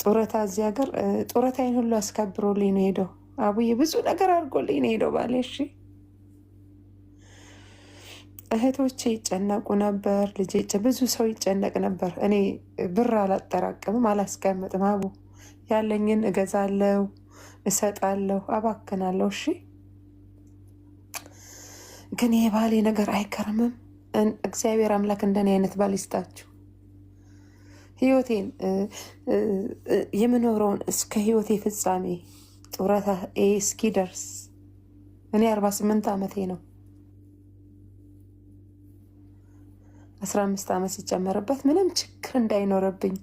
ጡረታ እዚህ ሀገር ጡረታዬን ሁሉ አስከብሮልኝ ነው ሄደው። አቡዬ ብዙ ነገር አድርጎልኝ ነው ሄደው ባሌ። እሺ እህቶቼ ይጨነቁ ነበር፣ ልጄ ብዙ ሰው ይጨነቅ ነበር። እኔ ብር አላጠራቅምም አላስቀምጥም። አቡ ያለኝን እገዛለው እሰጣለሁ፣ አባክናለሁ። እሺ ግን የባሌ ነገር አይከርምም። እግዚአብሔር አምላክ እንደኔ አይነት ባል ይስጣችሁ። ህይወቴን የምኖረውን እስከ ህይወቴ ፍጻሜ ጡረታ እስኪደርስ እኔ አርባ ስምንት ዓመቴ ነው። አስራ አምስት ዓመት ሲጨመርበት ምንም ችግር እንዳይኖረብኝ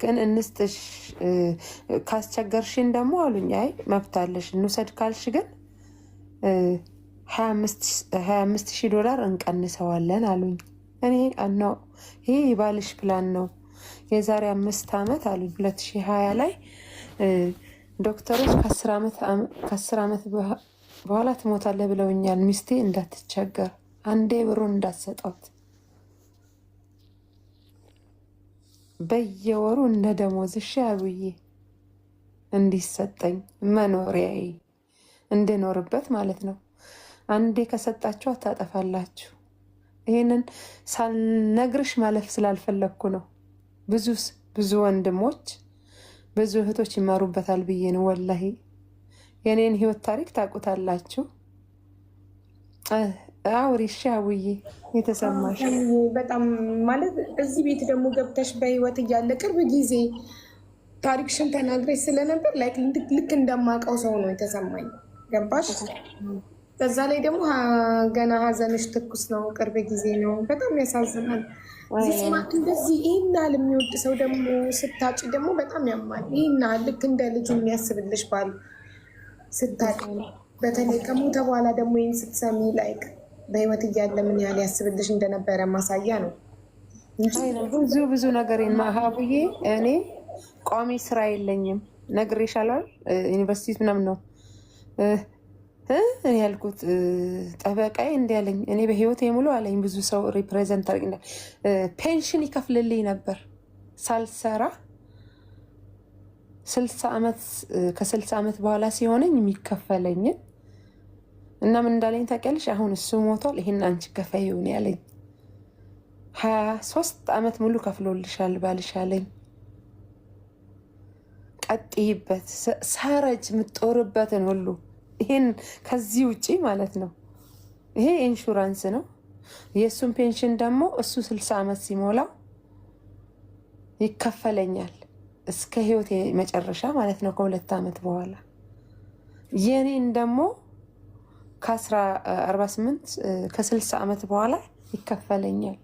ግን እንስጥሽ ካስቸገርሽን ደግሞ አሉኝ። አይ መብታለሽ እንውሰድ ካልሽ ግን ሀያ አምስት ሺህ ዶላር እንቀንሰዋለን አሉኝ። እኔ ነው ይሄ የባልሽ ፕላን ነው። የዛሬ አምስት ዓመት አሉ 2020 ላይ ዶክተሮች ከአስር ዓመት በኋላ ትሞታለህ ብለውኛል። ሚስቴ እንዳትቸገር አንዴ ብሩን እንዳትሰጣት በየወሩ እንደ ደሞዝሽ አብዬ እንዲሰጠኝ መኖሪያዬ እንድኖርበት ማለት ነው። አንዴ ከሰጣችሁ አታጠፋላችሁ። ይሄንን ሳልነግርሽ ማለፍ ስላልፈለግኩ ነው። ብዙ ብዙ ወንድሞች ብዙ እህቶች ይማሩበታል ብዬ ነው። ወላሂ የእኔን ህይወት ታሪክ ታውቁታላችሁ። አውሪ እሺ። አውዬ የተሰማሽ በጣም ማለት እዚህ ቤት ደግሞ ገብተሽ በህይወት እያለ ቅርብ ጊዜ ታሪክሽን ተናግረሽ ስለነበር ልክ እንደማውቀው ሰው ነው የተሰማኝ። ገባሽ? በዛ ላይ ደግሞ ገና ሀዘንሽ ትኩስ ነው፣ ቅርብ ጊዜ ነው። በጣም ያሳዝናል። ስማት እንደዚህ ይህናል የሚወድ ሰው ደግሞ ስታጭ ደግሞ በጣም ያማል። ይህና ልክ እንደ ልጅ የሚያስብልሽ ባል ስታጭ፣ በተለይ ከሞተ በኋላ ደግሞ ይህን ስትሰሚ ላይክ በህይወት እያለ ምን ያህል ያስብልሽ እንደነበረ ማሳያ ነው። ብዙ ብዙ ነገር ሀቡዬ፣ እኔ ቋሚ ስራ የለኝም ነግሬሻለሁ። ዩኒቨርሲቲ ምናምን ነው ያልኩት ጠበቃዬ እንዲያለኝ እኔ በህይወት የሙሉ አለኝ ብዙ ሰው ሪፕሬዘንት አርግ ፔንሽን ይከፍልልኝ ነበር ሳልሰራ ከስልሳ ዓመት በኋላ ሲሆነኝ የሚከፈለኝን እና ምን እንዳለኝ ታውቂያለሽ? አሁን እሱ ሞቷል፣ ይህን አንቺ ከፈይውን ያለኝ። ሀያ ሶስት ዓመት ሙሉ ከፍሎልሻል ባልሽ አለኝ። ቀጥይበት፣ ሳረጅ የምትጦርበትን ሁሉ ይሄን ከዚህ ውጪ ማለት ነው። ይሄ ኢንሹራንስ ነው። የእሱን ፔንሽን ደግሞ እሱ ስልሳ ዓመት ሲሞላው ይከፈለኛል እስከ ህይወት መጨረሻ ማለት ነው። ከሁለት ዓመት በኋላ የኔን ደግሞ ከ አርባ ከ60 ዓመት በኋላ ይከፈለኛል።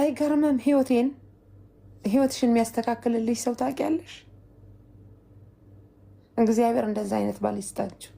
አይገርምም? ህይወቴን ህይወትሽን የሚያስተካክልልሽ ሰው ታውቂያለሽ? እግዚአብሔር እንደዛ አይነት ባል ይስጣችሁ።